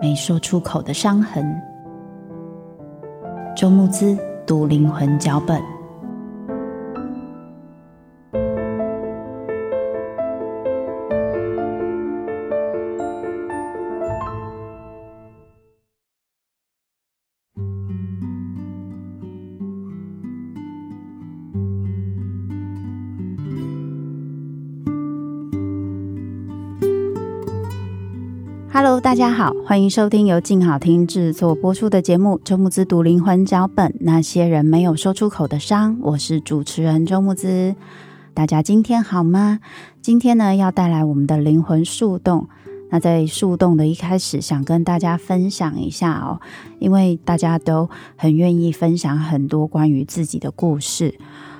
沒說出口的傷痕。周慕姿讀靈魂腳本。Hello，大家好，歡迎收聽由鏡好聽製作播出的節目《周慕姿讀靈魂腳本》，那些人沒有說出口的傷，我是主持人周慕姿。大家今天好嗎？今天呢，要帶來我們的靈魂樹洞。那在樹洞的一開始，想跟大家分享一下哦，因為大家都很願意分享很多關於自己的故事。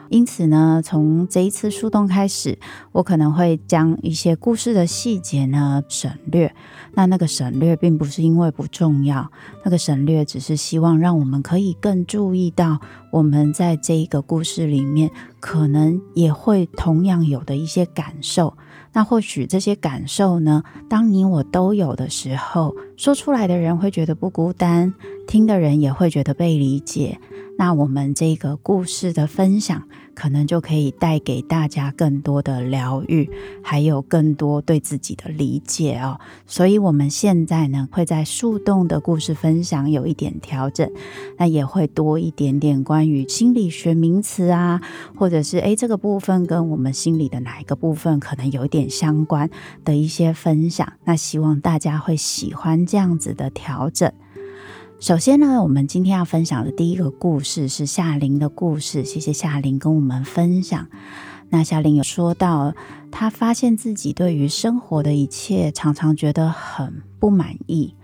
因此呢，從這一次樹洞開始，我可能會將一些故事的細節呢省略。那那個省略並不是因為不重要，那個省略只是希望讓我們可以更注意到，我們在這一個故事裡面可能也會同樣有的一些感受。那或許這些感受呢，當你我都有的時候，說出來的人會覺得不孤單，聽的人也會覺得被理解。那我們這個故事的分享，可能就可以帶給大家更多的療癒，還有更多對自己的理解哦。所以我們現在呢，會在樹洞的故事分享有一點調整，那也會多一點點關於心理學名詞啊，或者是誒這個部分跟我們心理的哪一個部分可能有一點相關的一些分享。那希望大家會喜歡這樣子的調整。首先呢，我們今天要分享的第一個故事是夏玲的故事。謝謝夏玲跟我們分享。那夏玲有說到，她發現自己對於生活的一切常常覺得很不滿意，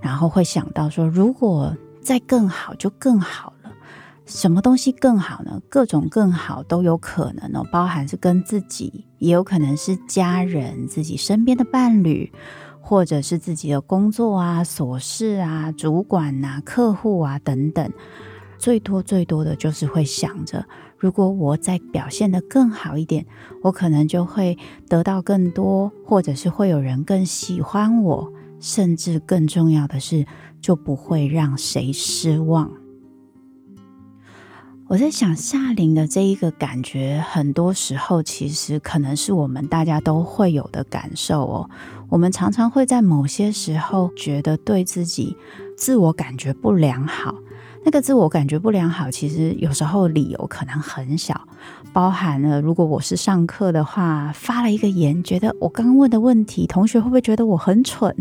然後會想到說，如果再更好就更好了。什麼東西更好呢？各種更好都有可能哦，包含是跟自己，也有可能是家人、自己身邊的伴侶。或者是自己的工作啊、瑣事啊、主管啊、客戶啊等等，最多最多的就是會想着，如果我再表現得更好一點，我可能就會得到更多，或者是會有人更喜歡我，甚至更重要的是，就不會讓誰失望。我在想夏琳的這一個感覺，很多時候其實可能是我們大家都會有的感受哦。我們常常會在某些時候覺得對自己自我感覺不良好，那個自我感覺不良好，其實有時候理由可能很小，包含了如果我是上課的話，發了一個言，覺得我剛剛問的問題，同學會不會覺得我很蠢，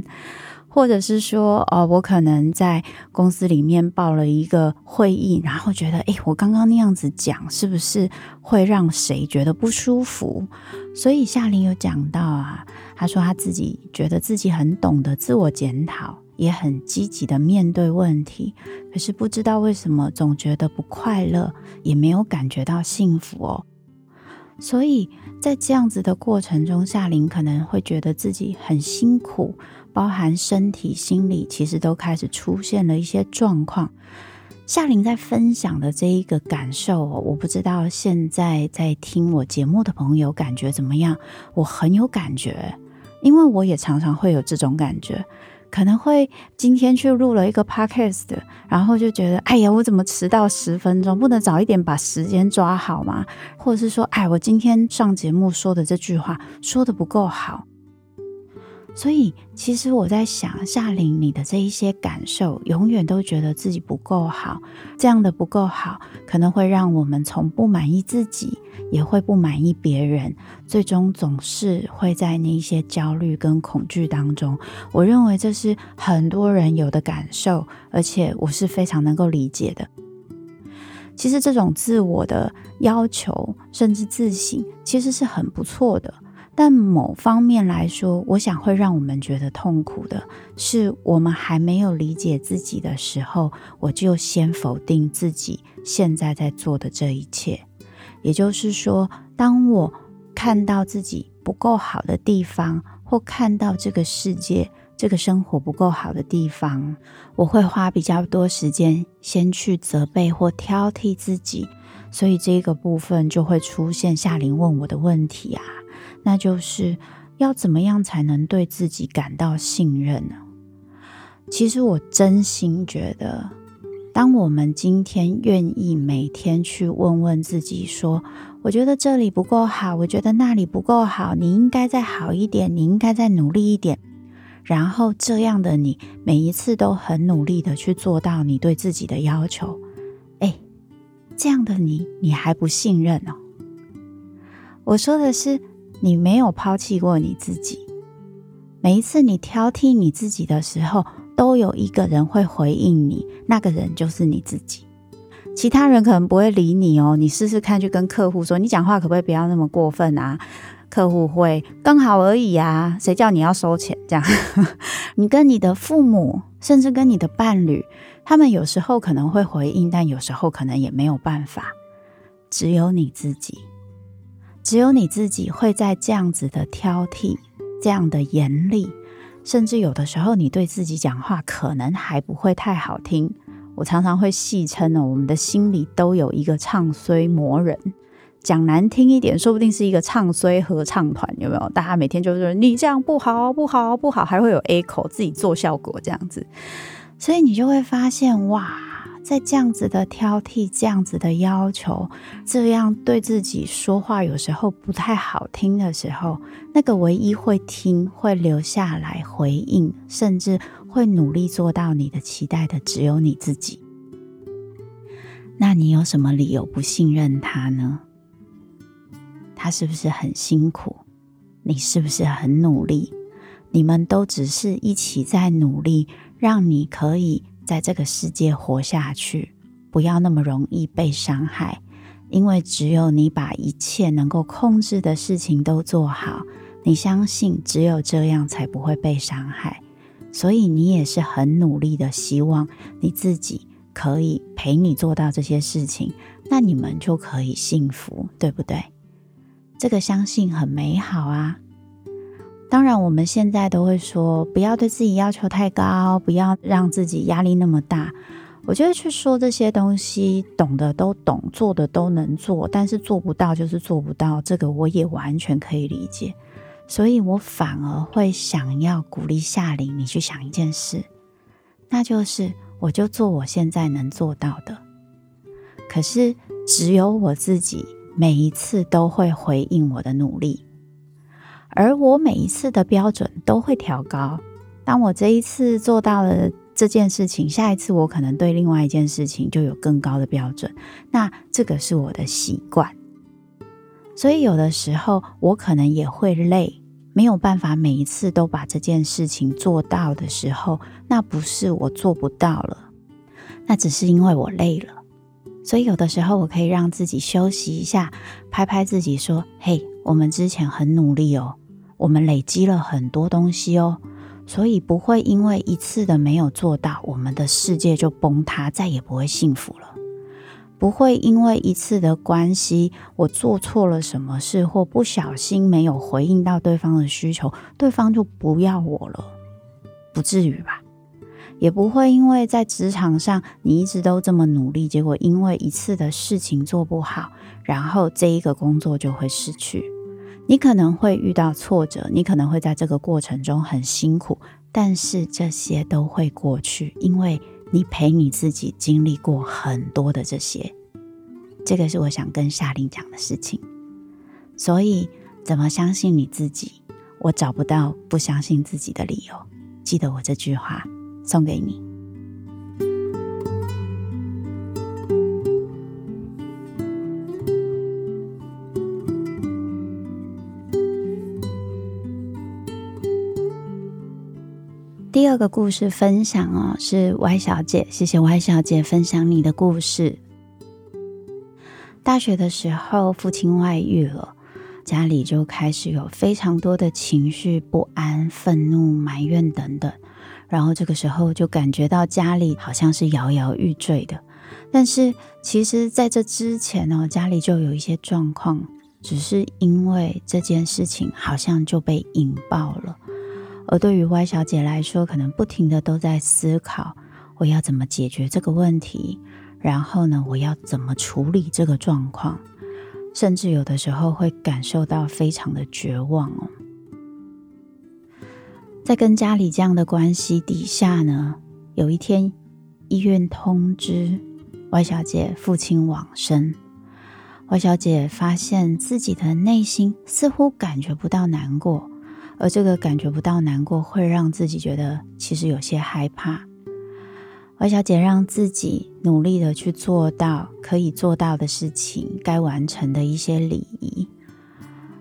或者是說，哦，我可能在公司裡面報了一個會議，然後覺得，誒，我剛剛那樣子講，是不是會讓誰覺得不舒服？所以夏玲有講到啊。他說他自己覺得自己很懂得自我檢討，也很積極的面對問題，可是不知道為什麼總覺得不快樂，也沒有感覺到幸福哦。所以在這樣子的過程中，夏琳可能會覺得自己很辛苦，包含身體、心理，其實都開始出現了一些狀況。夏琳在分享的這一個感受，我不知道現在在聽我節目的朋友感覺怎麼樣，我很有感覺。因為我也常常會有這種感覺，可能會今天去錄了一個 podcast，然後就覺得，哎呀，我怎麼遲到十分鐘？不能早一點把時間抓好嗎？或者是說，哎，我今天上節目說的這句話說的不夠好。所以，其實我在想，夏琳你的這一些感受，永遠都覺得自己不夠好，這樣的不夠好，可能會讓我們從不滿意自己，也會不滿意別人，最終總是會在那一些焦慮跟恐懼當中。我認為這是很多人有的感受，而且我是非常能夠理解的。其實這種自我的要求，甚至自省，其實是很不錯的。但某方面來說，我想會讓我們覺得痛苦的是，我們還沒有理解自己的時候，我就先否定自己現在在做的這一切。也就是說，當我看到自己不夠好的地方，或看到這個世界、這個生活不夠好的地方，我會花比較多時間先去責備或挑剔自己。所以這個部分就會出現夏琳問我的問題啊。那就是要怎麼樣才能對自己感到信任呢？其實我真心覺得，當我們今天願意每天去問問自己，說：“我覺得這裡不夠好，我覺得那裡不夠好，你應該再好一點，你應該再努力一點。”然後這樣的你，每一次都很努力的去做到你對自己的要求。哎，這樣的你，你還不信任呢、哦？我說的是。你沒有拋棄過你自己。每一次你挑剔你自己的時候，都有一個人會回應你，那個人就是你自己。其他人可能不會理你哦、喔。你試試看，去跟客戶說，你講話可不可以不要那麼過分啊？客戶會剛好而已啊。誰叫你要收錢這樣？你跟你的父母，甚至跟你的伴侶，他們有時候可能會回應，但有時候可能也沒有辦法，只有你自己。只有你自己會在這樣子的挑剔、這樣的嚴厲，甚至有的時候你對自己講話可能還不會太好聽。我常常會戲稱呢，我們的心裡都有一個唱衰魔人，講難聽一點，說不定是一個唱衰合唱團，有沒有？大家每天就是你這樣不好不好不好，還會有 echo 自己做效果這樣子，所以你就會發現哇。在這樣子的挑剔、這樣子的要求、這樣對自己說話有時候不太好聽的時候，那個唯一會聽、會留下來回應、甚至會努力做到你的期待的，只有你自己。那你有什麼理由不信任他呢？他是不是很辛苦？你是不是很努力？你們都只是一起在努力，讓你可以。在這個世界活下去，不要那麼容易被傷害，因為只有你把一切能夠控制的事情都做好，你相信只有這樣才不會被傷害，所以你也是很努力的，希望你自己可以陪你做到這些事情，那你們就可以幸福，對不對？這個相信很美好啊。當然，我們現在都會說，不要對自己要求太高，不要讓自己壓力那麼大。我覺得去說這些東西，懂的都懂，做的都能做，但是做不到就是做不到，這個我也完全可以理解。所以我反而會想要鼓勵夏玲，你去想一件事，那就是我就做我現在能做到的。可是只有我自己每一次都會回應我的努力。而我每一次的標準都會調高，當我這一次做到了這件事情，下一次我可能對另外一件事情就有更高的標準。那這個是我的習慣。所以有的時候我可能也會累，沒有辦法每一次都把這件事情做到的時候，那不是我做不到了，那只是因為我累了。所以有的時候我可以讓自己休息一下，拍拍自己說：“嘿，我們之前很努力哦，我們累積了很多東西哦，所以不會因為一次的沒有做到，我們的世界就崩塌，再也不會幸福了。不會因為一次的關係，我做錯了什麼事或不小心沒有回應到對方的需求，對方就不要我了，不至於吧？”也不會因為在職場上你一直都這麼努力，結果因為一次的事情做不好，然後這一個工作就會失去。你可能會遇到挫折，你可能會在這個過程中很辛苦，但是這些都會過去，因為你陪你自己經歷過很多的這些。這個是我想跟夏玲講的事情。所以，怎麼相信你自己？我找不到不相信自己的理由。記得我這句話。送給你。第二個故事分享哦，是 Y 小姐。謝謝 Y 小姐分享你的故事。大學的時候，父親外遇了，家裡就開始有非常多的情緒不安、憤怒、埋怨等等。然後這個時候就感覺到家裡好像是搖搖欲墜的，但是其實在這之前呢，家裡就有一些狀況，只是因為這件事情好像就被引爆了。而對於 Y 小姐來說，可能不停的都在思考我要怎麼解決這個問題，然後呢，我要怎麼處理這個狀況，甚至有的時候會感受到非常的絕望哦。在跟家裡這樣的關係底下呢，有一天醫院通知外小姐父親往生。外小姐發現自己的內心似乎感覺不到難過，而這個感覺不到難過會讓自己覺得其實有些害怕。外小姐讓自己努力地去做到可以做到的事情，該完成的一些禮儀。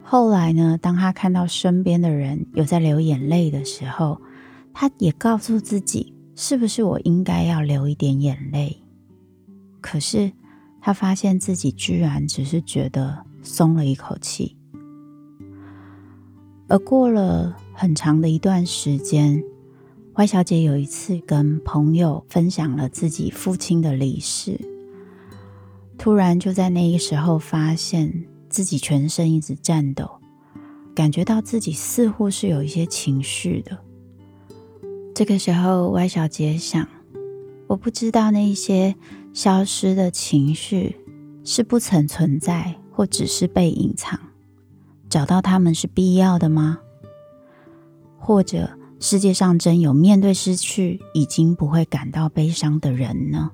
後來呢，當他看到身邊的人有在流眼淚的時候，他也告訴自己，是不是我應該要流一點眼淚？可是他發現自己居然只是覺得鬆了一口氣。而過了很長的一段時間，懷小姐有一次跟朋友分享了自己父親的離世，突然就在那個時候發現。自己全身一直顫抖，感覺到自己似乎是有一些情緒的。這個時候，歪小姐想：我不知道那些消失的情緒是不曾存在，或只是被隱藏。找到他們是必要的嗎？或者世界上真有面對失去已經不會感到悲傷的人呢？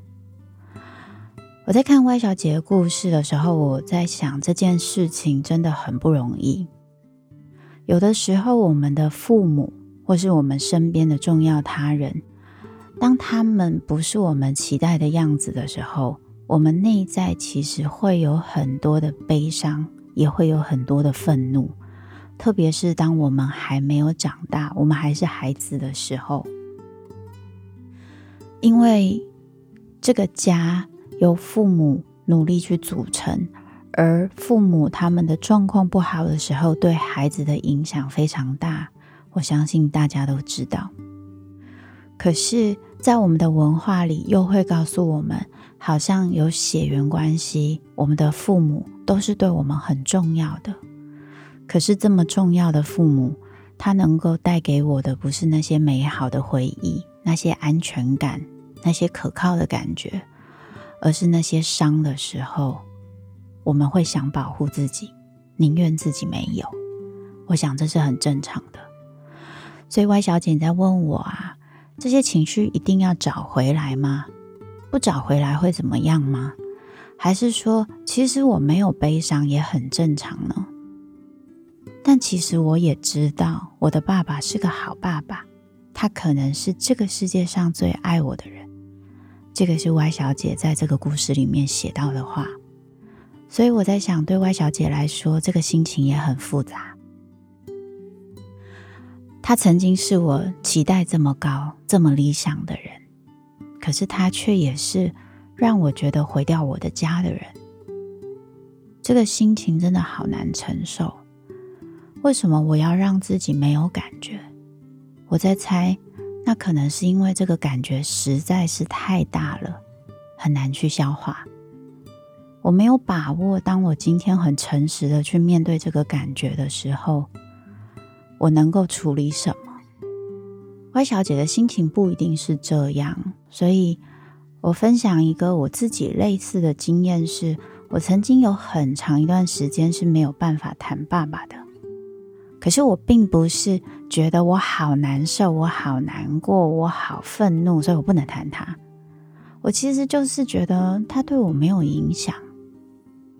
我在看 Y 小姐的故事的時候，我在想這件事情真的很不容易。有的時候，我們的父母或是我們身邊的重要他人，當他們不是我們期待的樣子的時候，我們內在其實會有很多的悲傷，也會有很多的憤怒。特別是當我們還沒有長大，我們還是孩子的時候，因為這個家。由父母努力去組成，而父母他們的狀況不好的時候，對孩子的影響非常大。我相信大家都知道。可是，在我們的文化裡，又會告訴我們，好像有血緣關係，我們的父母都是對我們很重要的。可是，這麼重要的父母，他能夠帶給我的，不是那些美好的回憶，那些安全感，那些可靠的感覺。而是那些傷的時候，我們會想保護自己，寧願自己沒有。我想這是很正常的。所以 Y 小姐你在問我啊，這些情緒一定要找回來嗎？不找回來會怎麼樣嗎？還是說，其實我沒有悲傷也很正常呢？但其實我也知道，我的爸爸是個好爸爸，他可能是這個世界上最愛我的人。這個是 Y 小姐在這個故事裡面寫到的話，所以我在想，對 Y 小姐來說，這個心情也很複雜。她曾經是我期待這麼高、這麼理想的人，可是她卻也是讓我覺得毀掉我的家的人。這個心情真的好難承受。為什麼我要讓自己沒有感覺？我在猜。那可能是因為這個感覺實在是太大了，很難去消化。我沒有把握，當我今天很誠實的去面對這個感覺的時候，我能夠處理什麼？Y 小姐的心情不一定是這樣，所以我分享一個我自己類似的經驗是：是我曾經有很長一段時間是沒有辦法談爸爸的。可是我並不是覺得我好難受，我好難過，我好憤怒，所以我不能談他。我其實就是覺得他對我沒有影響。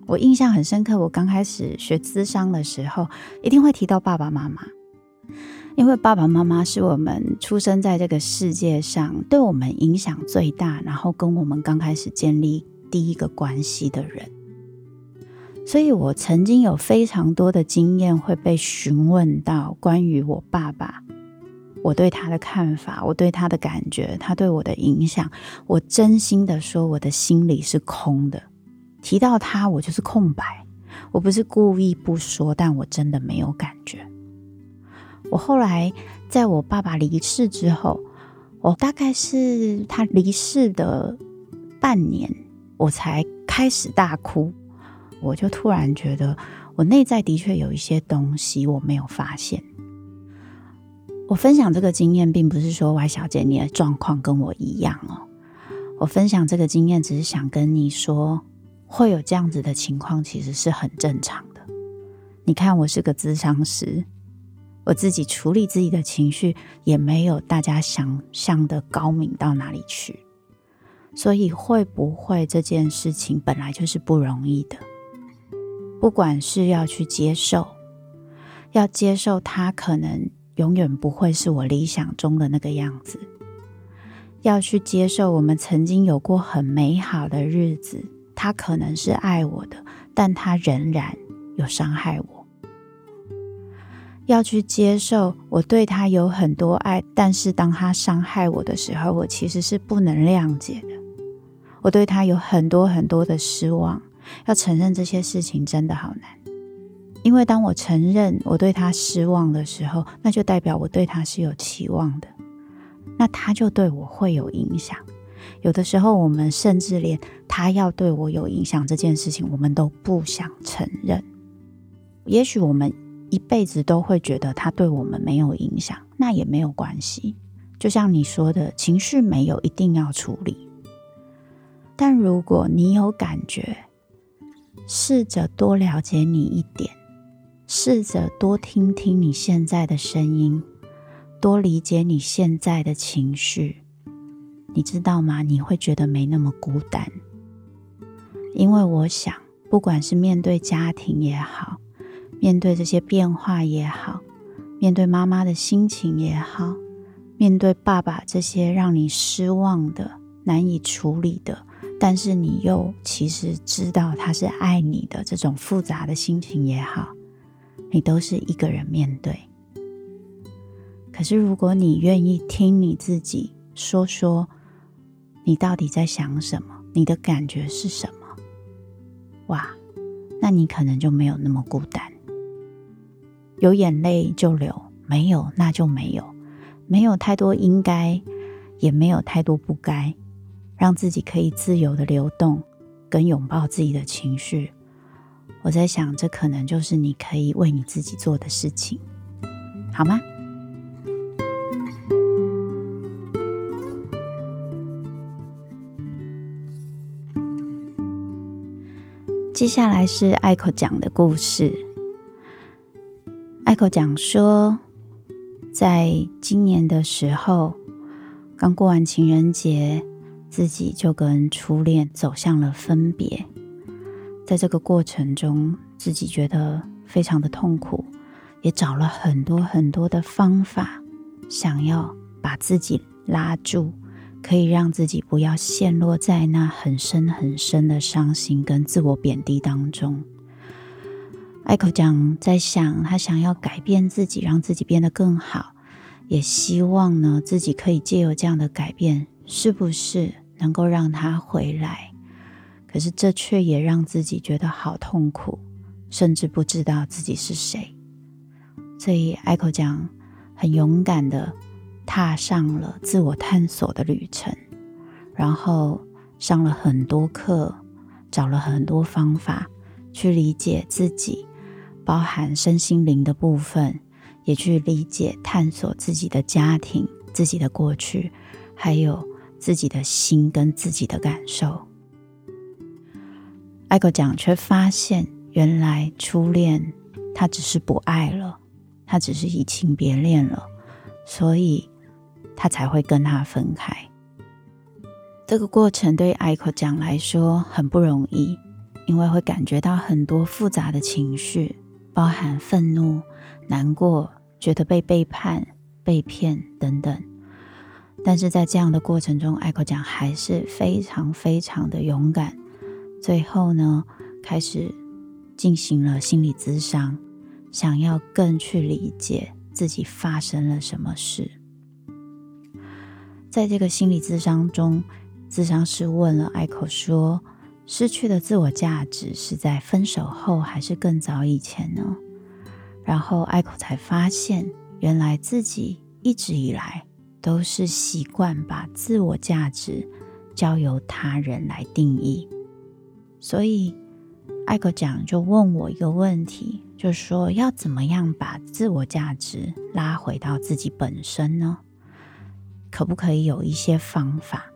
我印象很深刻，我剛開始學諮商的時候，一定會提到爸爸媽媽，因為爸爸媽媽是我們出生在這個世界上，對我們影響最大，然後跟我們剛開始建立第一個關係的人。所以我曾經有非常多的經驗會被詢問到關於我爸爸，我對他的看法，我對他的感覺，他對我的影響。我真心的說，我的心裡是空的，提到他我就是空白。我不是故意不說，但我真的沒有感覺。我後來在我爸爸離世之後，我大概是他離世的半年，我才開始大哭。我就突然覺得，我內在的確有一些東西我沒有發現。我分享這個經驗，並不是說，Y 小姐你的狀況跟我一樣哦。我分享這個經驗，只是想跟你說，會有這樣子的情況，其實是很正常的。你看，我是個諮商師，我自己處理自己的情緒，也沒有大家想象的高明到哪裡去。所以，會不會這件事情，本來就是不容易的。不管是要去接受，要接受他可能永遠不會是我理想中的那個樣子；要去接受我們曾經有過很美好的日子，他可能是愛我的，但他仍然有傷害我；要去接受我對他有很多愛，但是當他傷害我的時候，我其實是不能諒解的。我對他有很多很多的失望。要承認這些事情真的好難，因為當我承認我對他失望的時候，那就代表我對他是有期望的，那他就對我會有影響。有的時候，我們甚至連他要對我有影響這件事情，我們都不想承認。也許我們一輩子都會覺得他對我們沒有影響，那也沒有關係。就像你說的情緒沒有一定要處理，但如果你有感覺，試着多了解你一點，試着多聽聽你現在的聲音，多理解你現在的情緒，你知道嗎？你會覺得沒那麼孤單。因為我想，不管是面對家庭也好，面對這些變化也好，面對媽媽的心情也好，面對爸爸這些讓你失望的、難以處理的。但是你又其實知道他是愛你的，這種複雜的心情也好，你都是一個人面對。可是如果你願意聽你自己說說，你到底在想什麼，你的感覺是什麼？哇，那你可能就沒有那麼孤單。有眼淚就流，沒有那就沒有，沒有太多應該，也沒有太多不該。讓自己可以自由的流動，跟擁抱自己的情緒。我在想，這可能就是你可以為你自己做的事情，好嗎？接下來是艾可講的故事。艾可講說，在今年的時候，剛過完情人節。自己就跟初戀走向了分別，在這個過程中，自己覺得非常的痛苦，也找了很多很多的方法，想要把自己拉住，可以讓自己不要陷落在那很深很深的傷心跟自我貶低當中。艾可醬在想，他想要改變自己，讓自己變得更好，也希望呢自己可以借由這樣的改變，是不是？能夠讓他回來，可是這卻也讓自己覺得好痛苦，甚至不知道自己是誰。所以，艾克講很勇敢地踏上了自我探索的旅程，然後上了很多課，找了很多方法去理解自己，包含身心靈的部分，也去理解探索自己的家庭、自己的過去，還有。自己的心跟自己的感受，艾克講，卻發現原來初戀他只是不愛了，他只是移情別戀了，所以他才會跟他分開。這個過程對艾克講來說很不容易，因為會感覺到很多複雜的情緒，包含憤怒、難過、覺得被背叛、被騙等等。但是在這樣的過程中，艾克講還是非常非常的勇敢。最後呢，開始進行了心理諮商，想要更去理解自己發生了什麼事。在這個心理諮商中，諮商師問了艾克說：“失去的自我價值是在分手後，還是更早以前呢？”然後艾克才發現，原來自己一直以來，都是習慣把自我價值交由他人來定義，所以艾克講就問我一個問題，就說要怎麼樣把自我價值拉回到自己本身呢？可不可以有一些方法？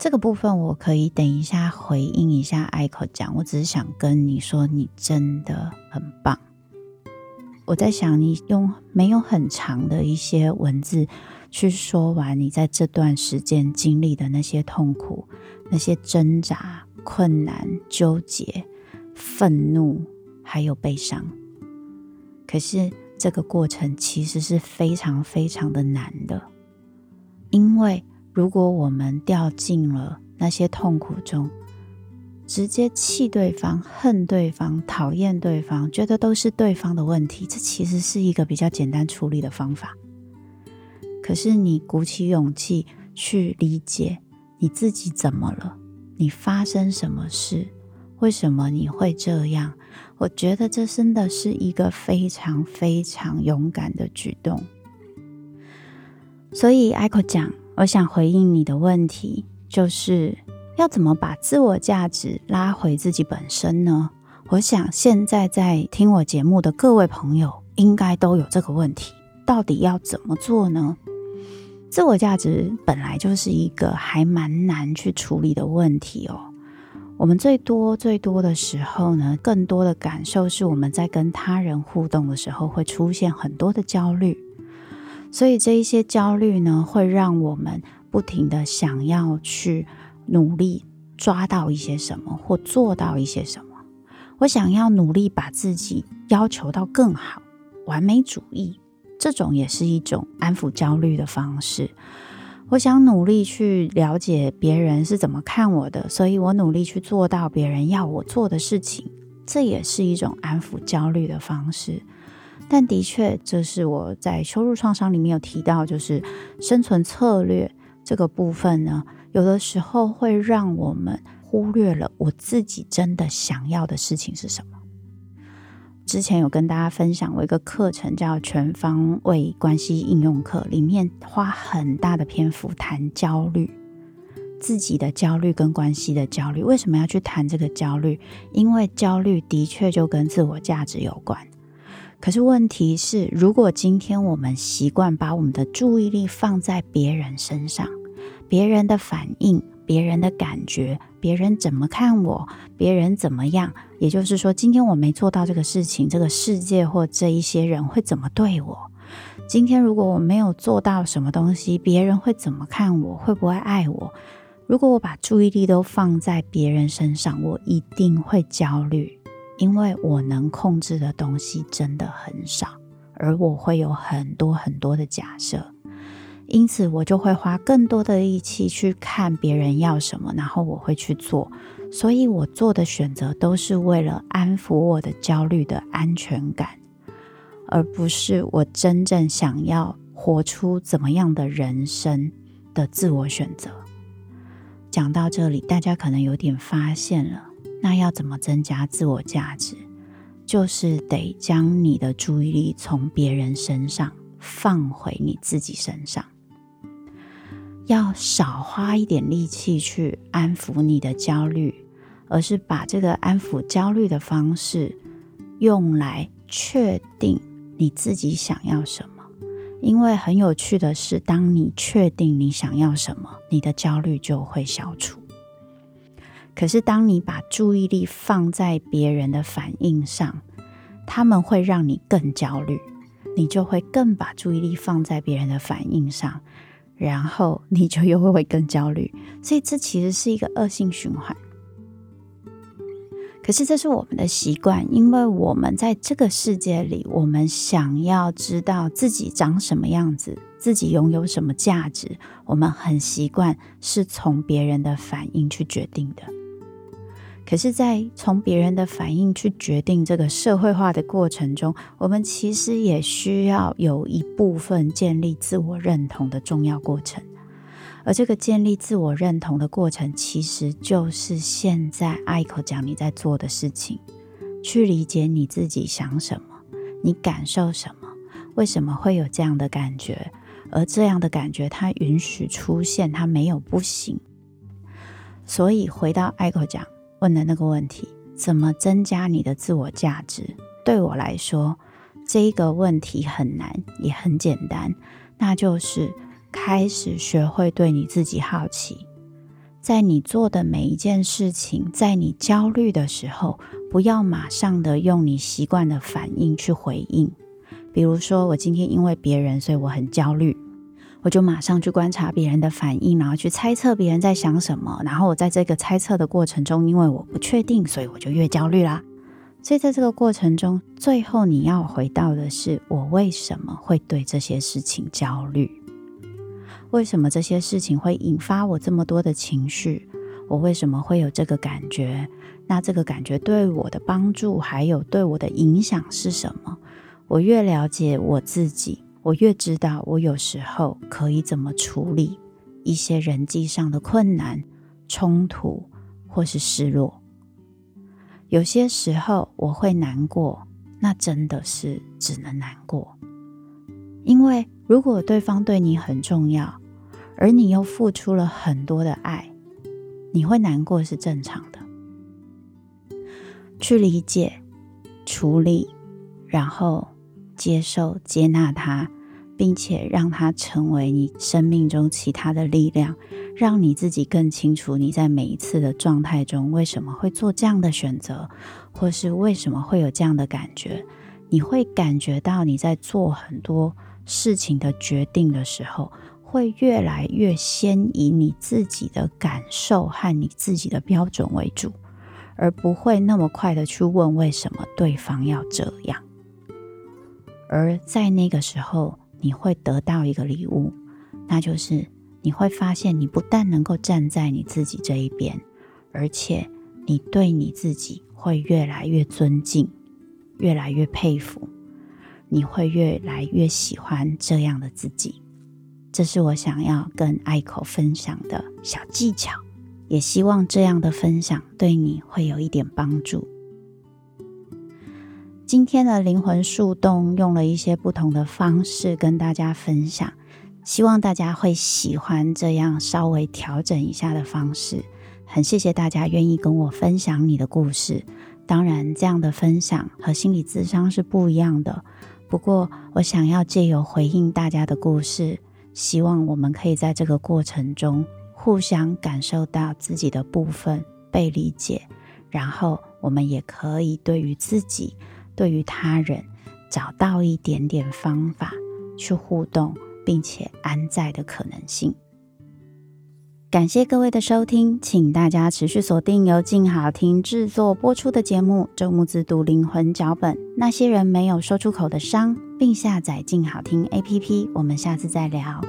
這個部分我可以等一下回應一下艾克講，我只是想跟你說，你真的很棒。我在想，你用沒有很長的一些文字，去說完你在這段時間經歷的那些痛苦、那些掙扎、困難、糾結、憤怒，還有悲傷。可是這個過程其實是非常非常的難的，因為如果我們掉進了那些痛苦中。直接氣對方、恨對方、討厭對方，覺得都是對方的問題，這其實是一個比較簡單處理的方法。可是，你鼓起勇氣去理解你自己怎麼了，你發生什麼事，為什麼你會這樣？我覺得這真的是一個非常非常勇敢的舉動。所以，艾克講，我想回應你的問題就是。要怎麼把自我價值拉回自己本身呢？我想現在在聽我節目的各位朋友，應該都有這個問題。到底要怎麼做呢？自我價值本來就是一個還蠻難去處理的問題哦。我們最多最多的時候呢，更多的感受是我們在跟他人互動的時候會出現很多的焦慮，所以這一些焦慮呢，會讓我們不停地想要去。努力抓到一些什麼，或做到一些什麼，我想要努力把自己要求到更好，完美主義這種也是一種安撫焦慮的方式。我想努力去了解別人是怎麼看我的，所以我努力去做到別人要我做的事情，這也是一種安撫焦慮的方式。但的確，這是我在羞辱創傷裡面有提到，就是生存策略這個部分呢。有的時候會讓我們忽略了我自己真的想要的事情是什麼。之前有跟大家分享過一個課程，叫《全方位關係應用課》，裡面花很大的篇幅談焦慮，自己的焦慮跟關係的焦慮。為什麼要去談這個焦慮？因為焦慮的確就跟自我價值有關。可是問題是，如果今天我們習慣把我們的注意力放在別人身上，別人的反應，別人的感覺，別人怎麼看我，別人怎麼樣？也就是說，今天我沒做到這個事情，這個世界或這一些人會怎麼對我？今天如果我沒有做到什麼東西，別人會怎麼看我？會不會愛我？如果我把注意力都放在別人身上，我一定會焦慮，因為我能控制的東西真的很少，而我會有很多很多的假設。因此，我就會花更多的力氣去看別人要什麼，然後我會去做。所以，我做的選擇都是為了安撫我的焦慮的安全感，而不是我真正想要活出怎麼樣的人生的自我選擇。講到這裡，大家可能有點發現了，那要怎麼增加自我價值？就是得將你的注意力從別人身上放回你自己身上。要少花一點力氣去安撫你的焦慮，而是把這個安撫焦慮的方式用來確定你自己想要什麼。因為很有趣的是，當你確定你想要什麼，你的焦慮就會消除。可是，當你把注意力放在別人的反應上，他們會讓你更焦慮，你就會更把注意力放在別人的反應上。然後你就又會會更焦慮，所以這其實是一個惡性循環。可是這是我們的習慣，因為我們在這個世界裡，我們想要知道自己長什麼樣子，自己擁有什麼價值，我們很習慣是從別人的反應去決定的。可是，在從別人的反應去決定這個社會化的過程中，我們其實也需要有一部分建立自我認同的重要過程。而這個建立自我認同的過程，其實就是現在艾克講你在做的事情，去理解你自己想什麼，你感受什麼，為什麼會有這樣的感覺，而這樣的感覺它允許出現，它沒有不行。所以回到艾克講。問的那個問題，怎麼增加你的自我價值？對我來說，這一個問題很難也很簡單，那就是開始學會對你自己好奇。在你做的每一件事情，在你焦慮的時候，不要馬上的用你習慣的反應去回應。比如說，我今天因為別人，所以我很焦慮。我就馬上去觀察別人的反應，然後去猜測別人在想什麼。然後我在這個猜測的過程中，因為我不確定，所以我就越焦慮啦。所以在這個過程中，最後你要回到的是：我為什麼會對這些事情焦慮？為什麼這些事情會引發我這麼多的情緒？我為什麼會有這個感覺？那這個感覺對我的幫助還有對我的影響是什麼？我越了解我自己。我越知道，我有時候可以怎麼處理一些人際上的困難、衝突或是失落。有些時候我會難過，那真的是只能難過。因為如果對方對你很重要，而你又付出了很多的愛，你會難過是正常的。去理解、處理，然後接受、接納他。並且讓它成為你生命中其他的力量，讓你自己更清楚你在每一次的狀態中為什麼會做這樣的選擇，或是為什麼會有這樣的感覺。你會感覺到你在做很多事情的決定的時候，會越來越先以你自己的感受和你自己的標準為主，而不會那麼快的去問為什麼對方要這樣。而在那個時候，你會得到一個禮物，那就是你會發現，你不但能夠站在你自己這一邊，而且你對你自己會越來越尊敬，越來越佩服，你會越來越喜歡這樣的自己。這是我想要跟艾可分享的小技巧，也希望這樣的分享對你會有一點幫助。今天的靈魂樹洞用了一些不同的方式跟大家分享，希望大家會喜歡這樣稍微調整一下的方式。很謝謝大家願意跟我分享你的故事，當然這樣的分享和心理諮商是不一樣的。不過我想要借由回應大家的故事，希望我們可以在這個過程中互相感受到自己的部分被理解，然後我們也可以對於自己，對於他人，找到一點點方法去互動，並且安在的可能性。感謝各位的收聽，請大家持續鎖定由靜好聽製作播出的節目《周末自讀靈魂腳本》，那些人沒有說出口的傷，並下載靜好聽 APP。我們下次再聊。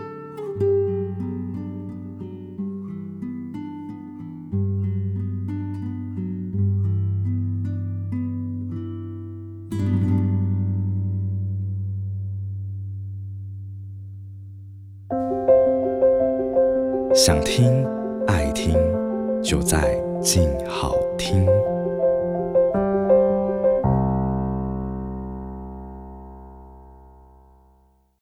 想聽，愛聽，就在靜好聽。